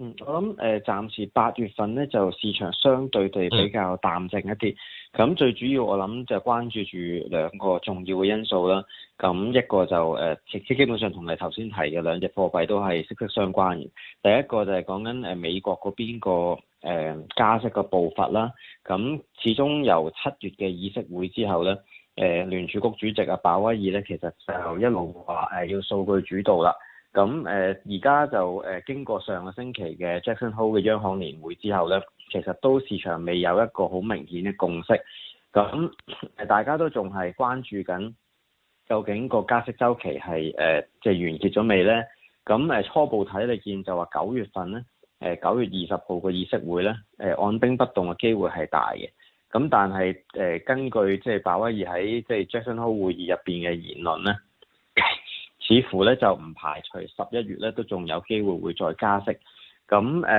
嗯，我諗誒、呃，暫時八月份咧，就市場相對地比較淡靜一啲。咁、嗯、最主要我諗就關注住兩個重要嘅因素啦。咁一個就誒、基、呃、基本上同你頭先提嘅兩隻貨幣都係息息相關嘅。第一個就係講緊誒，美國嗰邊個誒、呃、加息嘅步伐啦。咁始終由七月嘅議息會之後咧，誒、呃、聯儲局主席阿、啊、鮑威爾咧，其實就一路話誒，要數據主導啦。咁誒而家就誒、呃、經過上個星期嘅 Jackson Hole 嘅央行年會之後咧，其實都市場未有一個好明顯嘅共識，咁誒、呃、大家都仲係關注緊究竟個加息周期係誒即係完結咗未咧？咁誒、呃、初步睇你見就話九月份咧，誒、呃、九月二十號個議息會咧，誒、呃、按兵不動嘅機會係大嘅。咁但係誒、呃、根據即係鮑威爾喺即係 Jackson Hole 會議入邊嘅言論咧。似乎咧就唔排除十一月咧都仲有機會會再加息。咁誒，咁、呃、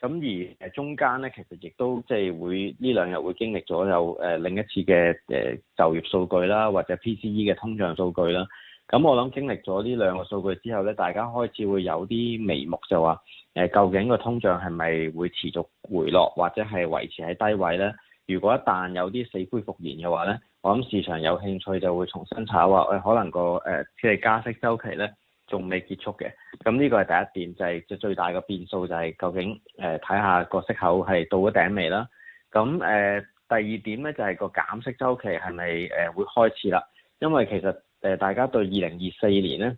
而誒中間咧，其實亦都即係會呢兩日會經歷咗有誒、呃、另一次嘅誒就業數據啦，或者 PCE 嘅通脹數據啦。咁我諗經歷咗呢兩個數據之後咧，大家開始會有啲眉目就，就話誒究竟個通脹係咪會持續回落，或者係維持喺低位咧？如果一旦有啲死灰復燃嘅話咧？我諗市場有興趣就會重新炒啊！誒、呃，可能、個誒即係加息週期咧，仲未結束嘅。咁呢個係第一點，就係、係、最大嘅變數就係究竟誒睇、呃、下個息口係到咗頂未啦。咁誒、呃、第二點咧就係、係、個減息週期係咪誒會開始啦？因為其實誒、呃、大家對二零二四年咧，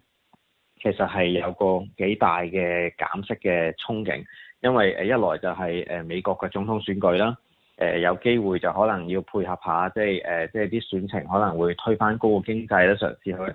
其實係有個幾大嘅減息嘅憧憬，因為誒一來就係誒美國嘅總統選舉啦。誒、呃、有機會就可能要配合下，即係誒、呃，即係啲選情可能會推翻高個經濟咧，嘗試去。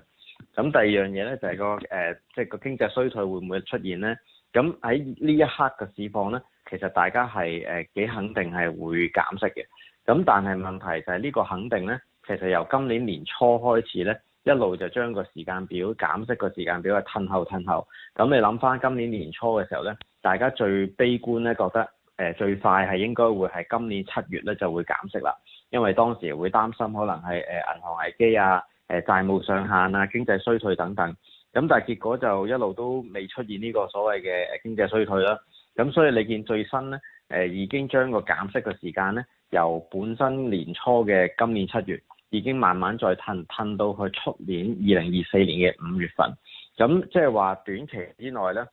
咁第二樣嘢咧就係、個誒、呃，即係個經濟衰退會唔會出現咧？咁喺呢一刻嘅市況咧，其實大家係誒、呃、幾肯定係會減息嘅。咁但係問題就係呢個肯定咧，其實由今年年初開始咧，一路就將個時間表減息個時間表係，褪後褪後。咁你諗翻今年年初嘅時候咧，大家最悲觀咧覺得。誒最快係應該會係今年七月咧就會減息啦，因為當時會擔心可能係誒銀行危機啊、誒債務上限啊、經濟衰退等等，咁但係結果就一路都未出現呢個所謂嘅誒經濟衰退啦，咁所以你見最新咧誒已經將個減息嘅時間咧由本身年初嘅今年七月已經慢慢再褪，褪到去出年二零二四年嘅五月份，咁即係話短期之內咧。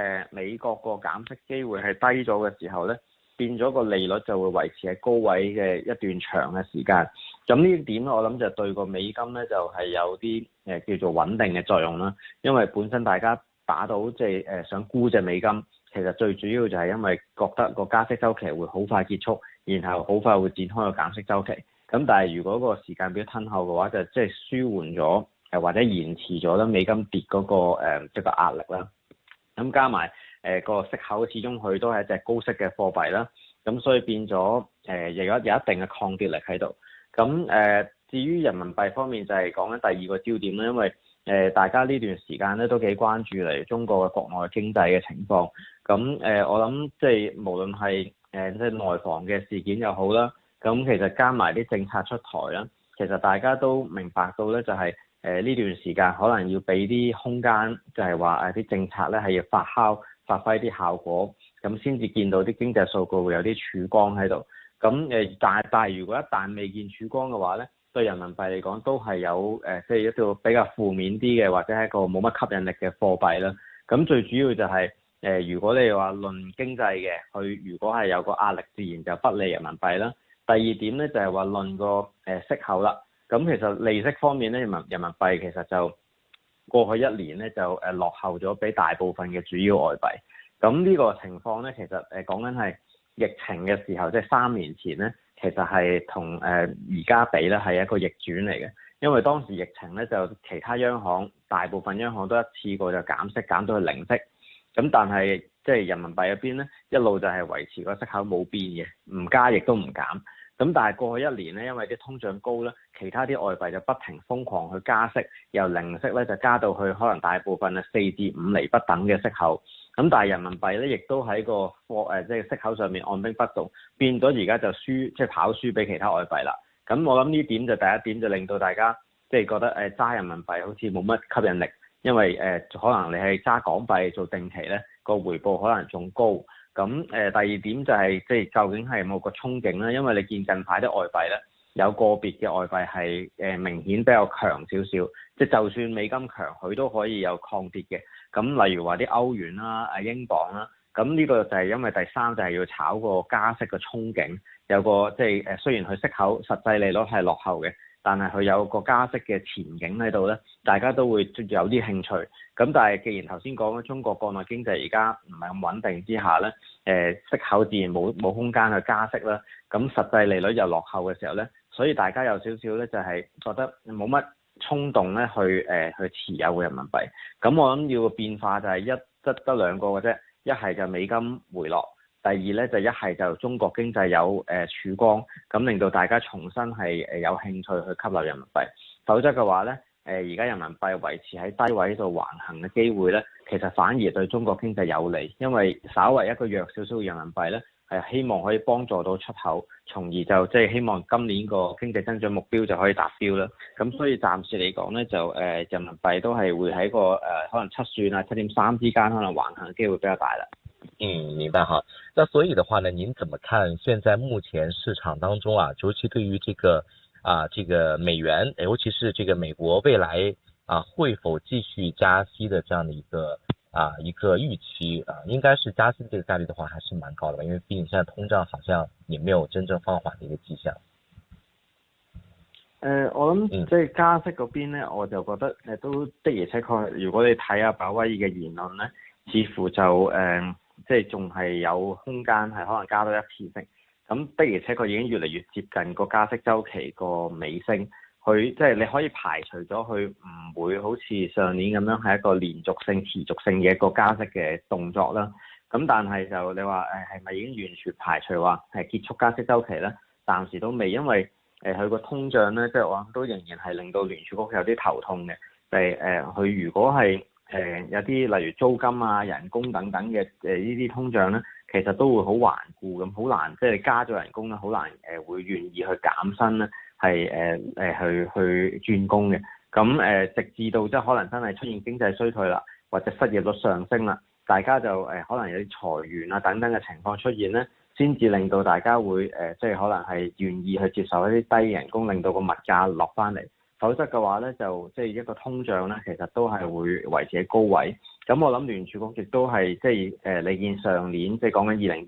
誒美國個減息機會係低咗嘅時候咧，變咗個利率就會維持喺高位嘅一段長嘅時間。咁呢點我諗就對個美金咧就係、是、有啲誒叫做穩定嘅作用啦。因為本身大家打到即係誒想沽隻美金，其實最主要就係因為覺得個加息週期會好快結束，然後好快會展開個減息週期。咁但係如果個時間表吞後嘅話，就即係舒緩咗誒或者延遲咗啦美金跌嗰、那個即、嗯就是、個壓力啦。咁加埋誒、呃那個息口，始終佢都係一隻高息嘅貨幣啦。咁所以變咗誒，亦、呃、有有一定嘅抗跌力喺度。咁誒、呃，至於人民幣方面，就係、是、講緊第二個焦點啦。因為誒、呃，大家呢段時間咧都幾關注嚟中國嘅國內經濟嘅情況。咁誒、呃，我諗即係無論係誒、呃、即係內房嘅事件又好啦，咁其實加埋啲政策出台啦，其實大家都明白到咧，就係、是。誒呢段時間可能要俾啲空間，就係話誒啲政策咧係要發酵，發揮啲效果，咁先至見到啲經濟數據會有啲曙光喺度。咁誒，但係但係如果一旦未見曙光嘅話咧，對人民幣嚟講都係有誒，即、呃、係、就是、一個比較負面啲嘅，或者係一個冇乜吸引力嘅貨幣啦。咁最主要就係、是、誒、呃，如果你話論經濟嘅，佢如果係有個壓力，自然就不利人民幣啦。第二點咧就係話論個誒、呃、息口啦。咁其實利息方面咧，人民人民幣其實就過去一年咧就誒落後咗畀大部分嘅主要外幣。咁呢個情況咧，其實誒講緊係疫情嘅時候，即係三年前咧，其實係同誒而家比咧係一個逆轉嚟嘅，因為當時疫情咧就其他央行大部分央行都一次過就減息減到去零息，咁但係即係人民幣入邊咧一路就係維持個息口冇變嘅，唔加亦都唔減。咁但係過去一年咧，因為啲通脹高咧，其他啲外幣就不停瘋狂去加息，由零息咧就加到去可能大部分啊四至五厘不等嘅息口。咁但係人民幣咧，亦都喺個貨誒即係息口上面按兵不動，變咗而家就輸即係跑輸俾其他外幣啦。咁我諗呢點就第一點就令到大家即係覺得誒揸人民幣好似冇乜吸引力，因為誒可能你係揸港幣做定期咧，個回報可能仲高。咁誒第二點就係即係究竟係冇個憧憬啦，因為你見近排啲外幣咧，有個別嘅外幣係誒明顯比較強少少，即係就算美金強，佢都可以有抗跌嘅。咁例如話啲歐元啦、啊英鎊啦，咁呢個就係因為第三就係要炒個加息嘅憧憬，有個即係誒雖然佢息口實際利率係落後嘅。但係佢有個加息嘅前景喺度咧，大家都會有啲興趣。咁但係既然頭先講咗中國國內經濟而家唔係咁穩定之下咧，誒息口自然冇冇空間去加息啦。咁實際利率又落後嘅時候咧，所以大家有少少咧就係覺得冇乜衝動咧去誒、呃、去持有嘅人民幣。咁我諗要個變化就係一得得兩個嘅啫，一係就美金回落。第二咧就一係就中國經濟有誒曙光，咁令到大家重新係誒有興趣去吸納人民幣。否則嘅話咧，誒而家人民幣維持喺低位度橫行嘅機會咧，其實反而對中國經濟有利，因為稍為一個弱少少嘅人民幣咧，係希望可以幫助到出口，從而就即係、就是、希望今年個經濟增長目標就可以達標啦。咁所以暫時嚟講咧，就誒、呃、人民幣都係會喺個誒可能七算啊七點三之間可能橫行嘅機會比較大啦。嗯，明白哈。那所以的話呢，您怎麼看現在目前市場當中啊，尤其對於這個啊，這個美元，尤其是這個美國未來啊會否繼續加息的這樣的一個啊一個預期啊，應該是加息這個概率的話還是蠻高的吧？因為畢竟現在通脹好像也沒有真正放緩的一個跡象。誒、呃，我諗即係加息嗰邊呢，我就覺得誒都的而且確，如果你睇阿鮑威爾嘅言論呢，似乎就誒。呃即係仲係有空間，係可能加多一次性，咁的而且確已經越嚟越接近個加息週期個尾聲。佢即係你可以排除咗佢唔會好似上年咁樣係一個連續性持續性嘅一個加息嘅動作啦。咁但係就你話誒係咪已經完全排除話係結束加息週期咧？暫時都未，因為誒佢個通脹咧，即係我諗都仍然係令到聯儲局有啲頭痛嘅。誒誒，佢、呃、如果係，誒、呃、有啲例如租金啊、人工等等嘅誒呢啲通脹咧，其實都會好頑固咁，好難即係加咗人工啦，好難誒、呃、會願意去減薪咧，係誒誒去去轉工嘅。咁誒、呃、直至到即係可能真係出現經濟衰退啦，或者失業率上升啦，大家就誒、呃、可能有啲裁員啊等等嘅情況出現咧，先至令到大家會誒、呃、即係可能係願意去接受一啲低人工，令到個物價落翻嚟。否則嘅話咧，就即係一個通脹咧，其實都係會維持喺高位。咁我諗聯儲局亦都係即係誒、呃，你見上年即係講緊二零二二年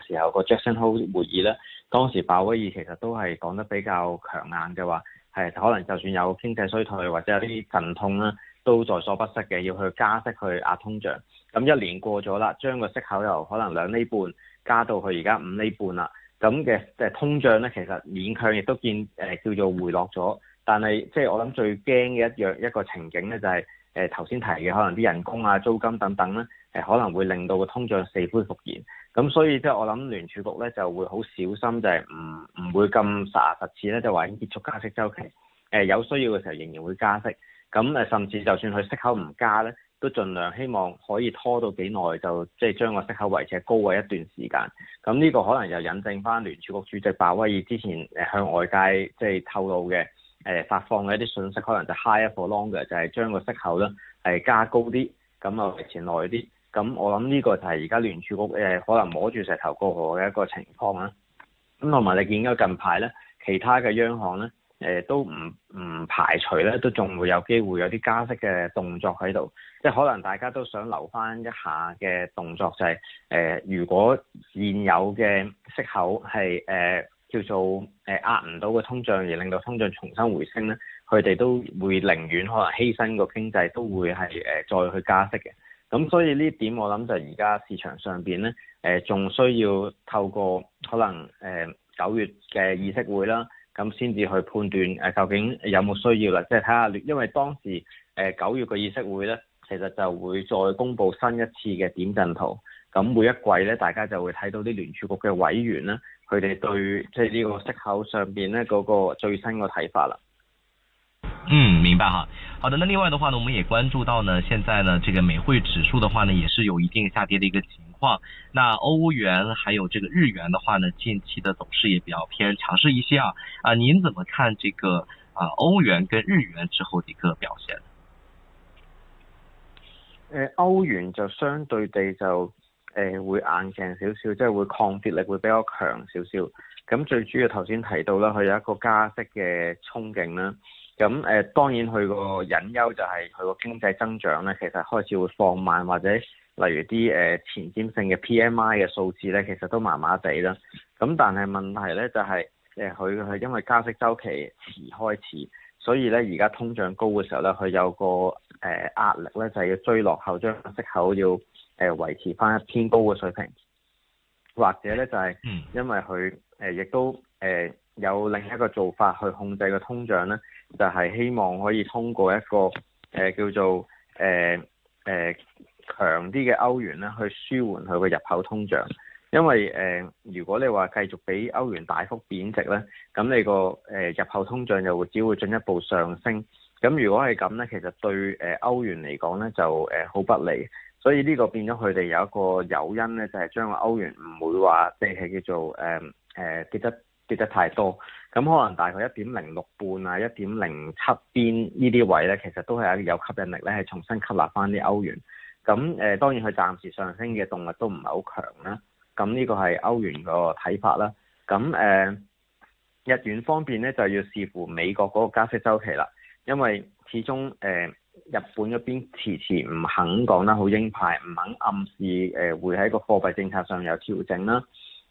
嘅時候個 Jackson Hole 會議咧，當時鮑威爾其實都係講得比較強硬嘅話，係可能就算有經濟衰退或者有啲陣痛啦，都在所不惜嘅，要去加息去壓通脹。咁一年過咗啦，將個息口由可能兩厘半加到去而家五厘半啦。咁嘅即係通脹咧，其實勉強亦都見誒叫做回落咗。但係，即、就、係、是、我諗最驚嘅一樣一個情景咧，就是，就係誒頭先提嘅，可能啲人工啊、租金等等咧，誒、呃、可能會令到個通脹死灰復燃。咁所以即係、呃、我諗聯儲局咧就會好小心就，就係唔唔會咁十拿次咧，就話已經結束加息周期。誒、呃、有需要嘅時候仍然會加息。咁誒甚至就算佢息口唔加咧，都儘量希望可以拖到幾耐就即係將個息口維持喺高位一段時間。咁呢個可能又引證翻聯儲局主席鮑威爾之前誒向外界即係透露嘅。誒、呃、發放嘅一啲信息，可能就 higher for longer 就係將個息口咧係、呃、加高啲，咁啊前耐啲，咁我諗呢個就係而家聯儲局誒、呃、可能摸住石頭過河嘅一個情況啦。咁同埋你見到近排咧，其他嘅央行咧，誒、呃、都唔唔排除咧，都仲會有機會有啲加息嘅動作喺度，即係可能大家都想留翻一下嘅動作、就是，就係誒，如果現有嘅息口係誒。呃叫做誒、呃、壓唔到個通脹而令到通脹重新回升咧，佢哋都會寧願可能犧牲個經濟都會係誒、呃、再去加息嘅。咁所以呢點，我諗就而家市場上邊咧誒，仲、呃、需要透過可能誒、呃、九月嘅議息會啦，咁先至去判斷誒、呃、究竟有冇需要啦，即係睇下，因為當時誒、呃、九月嘅議息會咧，其實就會再公布新一次嘅點陣圖。咁每一季咧大家就會睇到啲聯儲局嘅委員啦。佢哋對即係呢個息口上邊呢嗰、那個最新個睇法啦。嗯，明白哈，好的，那另外的話呢，我們也關注到呢，現在呢，這個美匯指數的話呢，也是有一定下跌的一個情況。那歐元還有這個日元的話呢，近期的走勢也比較偏強勢一些啊。啊、呃，您怎麼看這個啊、呃，歐元跟日元之後的一個表現？誒、呃，歐元就相對地就。誒會硬淨少少，即係會抗跌力會比較強少少。咁最主要頭先提到啦，佢有一個加息嘅憧憬啦。咁誒當然佢個隱憂就係佢個經濟增長咧，其實開始會放慢，或者例如啲誒前瞻性嘅 P M I 嘅數字咧，其實都麻麻地啦。咁但係問題咧就係誒佢係因為加息周期遲開始，所以咧而家通脹高嘅時候咧，佢有個誒壓力咧，就係要追落後將息口要，誒、呃、維持翻一偏高嘅水平，或者咧就係、是、因為佢誒亦都誒有另一個做法去控制個通脹咧，就係、是、希望可以通過一個誒、呃、叫做誒誒、呃呃、強啲嘅歐元咧，去舒緩佢個入口通脹。因為誒、呃，如果你話繼續俾歐元大幅貶值咧，咁你個誒、呃、入口通脹就會只會進一步上升。咁如果係咁咧，其實對誒歐元嚟講咧，就誒好、呃、不利。所以呢個變咗佢哋有一個誘因呢，就係、是、將個歐元唔會話即係叫做誒誒、呃、跌得跌得太多，咁可能大概一點零六半啊、一點零七邊呢啲位呢，其實都係有吸引力咧，係重新吸納翻啲歐元。咁誒、呃、當然佢暫時上升嘅動力都唔係好強啦。咁呢個係歐元個睇法啦。咁誒、呃、日元方面呢，就要視乎美國嗰個加息周期啦，因為始終誒、呃日本嗰邊遲遲唔肯講得好鷹派，唔肯暗示誒、呃、會喺個貨幣政策上有調整啦。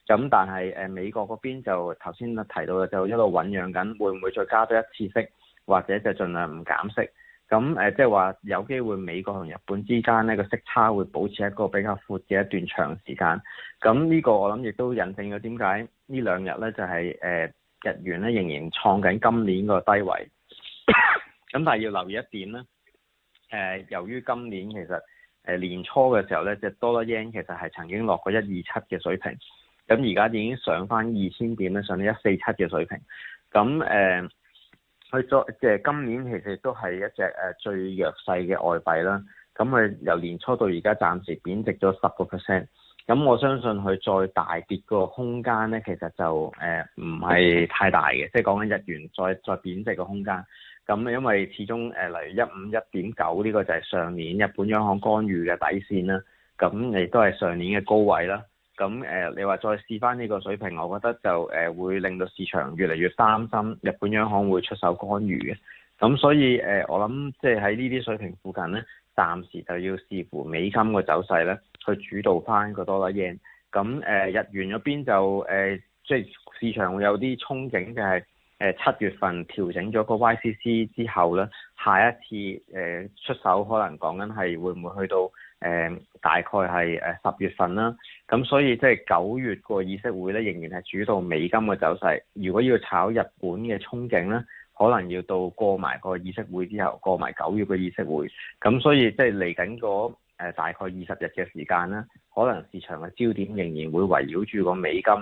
咁但係誒、呃、美國嗰邊就頭先提到嘅，就一路醞釀緊，會唔會再加多一次息，或者就盡量唔減息？咁誒即係話有機會美國同日本之間呢個息差會保持一個比較闊嘅一段長時間。咁、嗯、呢、呢個我諗亦都引證咗點解呢兩、就是呃、日呢就係誒日元咧仍然創緊今年個低位。咁 但係要留意一點啦。誒、呃，由於今年其實誒、呃、年初嘅時候咧，即係 Dollar Yen 其實係曾經落過一二七嘅水平，咁而家已經上返二千點咧，上到一四七嘅水平。咁誒，佢再即係今年其實都係一隻誒、呃、最弱勢嘅外幣啦。咁佢由年初到而家暫時貶值咗十個 percent。咁我相信佢再大跌個空間咧，其實就誒唔係太大嘅，即係講緊日元再再貶值個空間。咁因為始終誒、呃，例如一五一點九呢個就係上年日本央行干預嘅底線啦，咁、啊、亦都係上年嘅高位啦。咁、啊、誒、啊，你話再試翻呢個水平，我覺得就誒、啊、會令到市場越嚟越擔心日本央行會出手干預嘅。咁、啊、所以誒、啊，我諗即係喺呢啲水平附近呢，暫時就要視乎美金個走勢咧，去主導翻個 dollar yen。咁、啊、誒、啊、日元嗰邊就誒，即、啊、係、就是、市場會有啲憧憬嘅係。誒七月份調整咗個 YCC 之後咧，下一次誒、呃、出手可能講緊係會唔會去到誒、呃、大概係誒、呃、十月份啦。咁所以即係九月個議息會咧，仍然係主導美金嘅走勢。如果要炒日本嘅憧憬咧，可能要到過埋個議息會之後，過埋九月嘅議息會。咁所以即係嚟緊個誒大概二十日嘅時間啦，可能市場嘅焦點仍然會圍繞住個美金。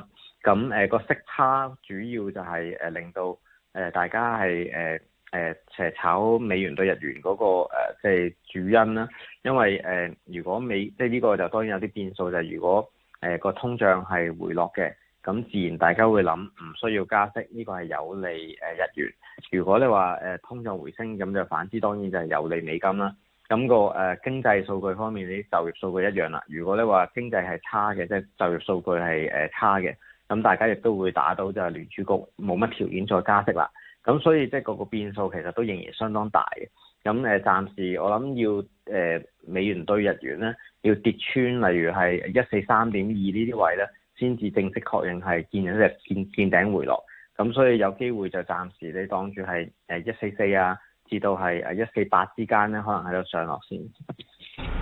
咁誒個息差主要就係誒令到誒大家係誒誒誒炒美元對日元嗰、那個即係、呃就是、主因啦。因為誒、呃、如果美即係呢個就當然有啲變數，就係、是、如果誒個、呃、通脹係回落嘅，咁自然大家會諗唔需要加息，呢、這個係有利誒日元。如果你話誒、呃、通脹回升，咁就反之，當然就係有利美金啦。咁、那個誒、呃、經濟數據方面啲就業數據一樣啦。如果你話經濟係差嘅，即、就、係、是、就業數據係誒差嘅。咁大家亦都會打到就係聯儲局冇乜條件再加息啦，咁所以即係個個變數其實都仍然相當大嘅。咁誒、呃，暫時我諗要誒、呃、美元對日元咧，要跌穿例如係一四三點二呢啲位咧，先至正式確認係見一隻見見頂回落。咁所以有機會就暫時你當住係誒一四四啊，至到係誒一四八之間咧，可能喺度上落先。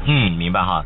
嗯，明白哈。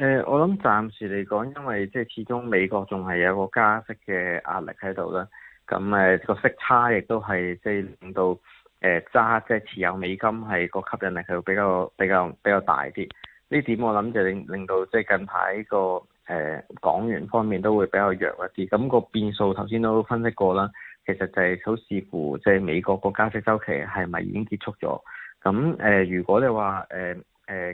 誒、嗯，我諗暫時嚟講，因為即係始終美國仲係有個加息嘅壓力喺度啦，咁誒個息差亦都係即係令到誒揸即係持有美金係個吸引力係比較比較比較大啲。呢點我諗就令令到即係近排、這個誒、呃、港元方面都會比較弱一啲。咁、嗯，那個變數頭先都分析過啦，其實就係好視乎即係美國個加息周期係咪已經結束咗？咁誒、呃，如果你、呃呃、話誒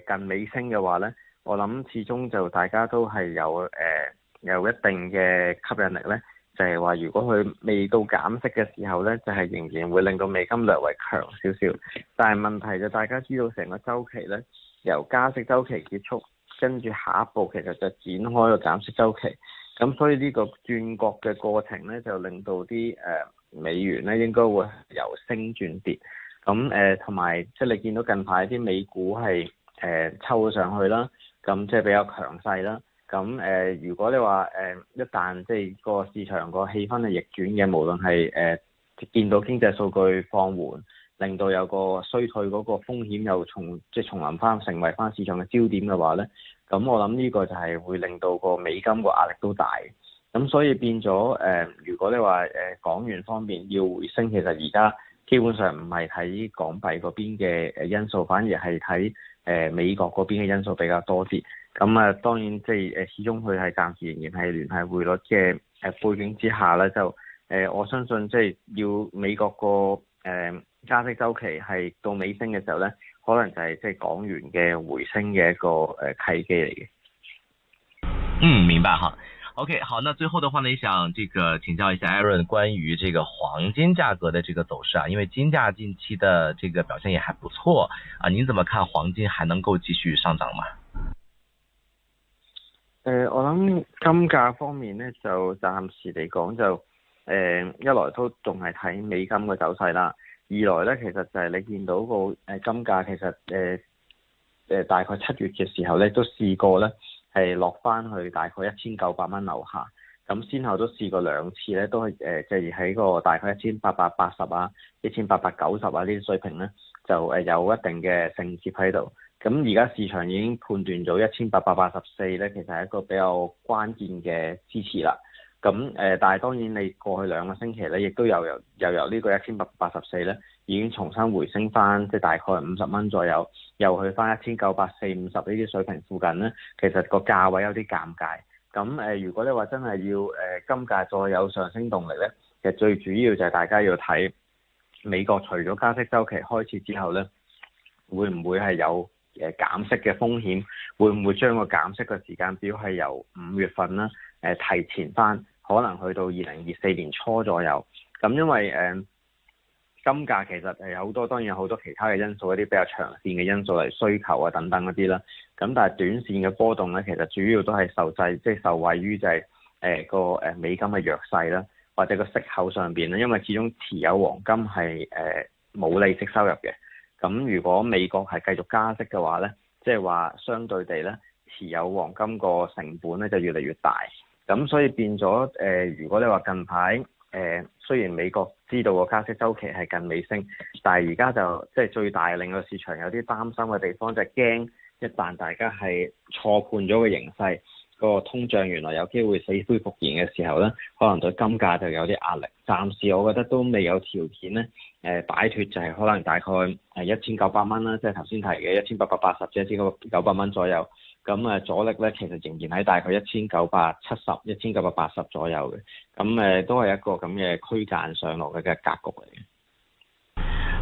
誒近尾升嘅話咧？我諗始終就大家都係有誒、呃、有一定嘅吸引力呢就係、是、話如果佢未到減息嘅時候呢，就係、是、仍然會令到美金略為強少少。但係問題就大家知道成個週期呢，由加息週期結束，跟住下一步其實就展開個減息週期，咁所以呢個轉角嘅過程呢，就令到啲誒、呃、美元呢應該會由升轉跌。咁誒同埋即係你見到近排啲美股係誒抽上去啦。咁即係比較強勢啦。咁誒、呃，如果你話誒、呃，一旦即係個市場個氣氛係逆轉嘅，無論係誒、呃、見到經濟數據放緩，令到有個衰退嗰個風險又從即係重臨翻，成為翻市場嘅焦點嘅話咧，咁我諗呢個就係會令到個美金個壓力都大。咁所以變咗誒、呃，如果你話誒港元方面要回升，其實而家。基本上唔係睇港幣嗰邊嘅誒因素，反而係睇誒美國嗰邊嘅因素比較多啲。咁、嗯、啊，當然即係誒始終佢係暫時仍然係聯繫匯率嘅誒背景之下咧，就誒、呃、我相信即係要美國個誒、呃、加息周期係到尾聲嘅時候咧，可能就係即係港元嘅回升嘅一個誒契機嚟嘅。嗯，明白嚇。O、okay, K，好，那最後的話呢，也想這個請教一下 Aaron 關於這個黃金價格的這個走勢啊，因為金價近期的這個表現也還不錯啊，你怎麼看黃金還能夠繼續上漲嗎？誒、呃，我諗金價方面呢，就暫時嚟講就，誒、呃、一來都仲係睇美金嘅走勢啦，二來呢，其實就係你見到個誒金價其實誒誒、呃呃、大概七月嘅時候咧都試過咧。係落翻去大概一千九百蚊樓下，咁先後都試過兩次咧，都係誒，即係喺個大概一千八百八十啊，一千八百九十啊呢啲水平咧，就誒、呃、有一定嘅承接喺度。咁而家市場已經判斷咗一千八百八十四咧，其實係一個比較關鍵嘅支持啦。咁誒、嗯，但係當然你過去兩個星期咧，亦都由又由由由呢個一千八百八十四咧，已經重新回升翻，即、就、係、是、大概五十蚊左右，又去翻一千九百四五十呢啲水平附近咧，其實個價位有啲尷尬。咁、嗯、誒、呃，如果你話真係要誒、呃、今屆再有上升動力咧，其實最主要就係大家要睇美國除咗加息周期開始之後咧，會唔會係有誒、呃、減息嘅風險？會唔會將個減息嘅時間表係由五月份啦誒、呃、提前翻？可能去到二零二四年初左右，咁因為誒、呃、金價其實係有好多，當然有好多其他嘅因素，一啲比較長線嘅因素嚟需求啊等等嗰啲啦。咁但係短線嘅波動咧，其實主要都係受制，即、就、係、是、受惠於就係、是、誒、呃、個誒美金嘅弱勢啦，或者個息口上邊啦。因為始終持有黃金係誒冇利息收入嘅。咁如果美國係繼續加息嘅話咧，即係話相對地咧，持有黃金個成本咧就越嚟越大。咁、嗯、所以變咗誒、呃，如果你話近排誒、呃，雖然美國知道個加息周期係近尾聲，但係而家就即係最大令個市場有啲擔心嘅地方，就係、是、驚一旦大家係錯判咗個形勢，個通脹原來有機會死灰復燃嘅時候咧，可能對金價就有啲壓力。暫時我覺得都未有條件咧，誒、呃、擺脫就係可能大概係一千九百蚊啦，即係頭先提嘅一千八百八十，即係千九百蚊左右。咁啊，阻力咧其實仍然喺大概一千九百七十、一千九百八十左右嘅，咁、嗯、誒都係一個咁嘅區間上落嘅嘅格局嚟嘅。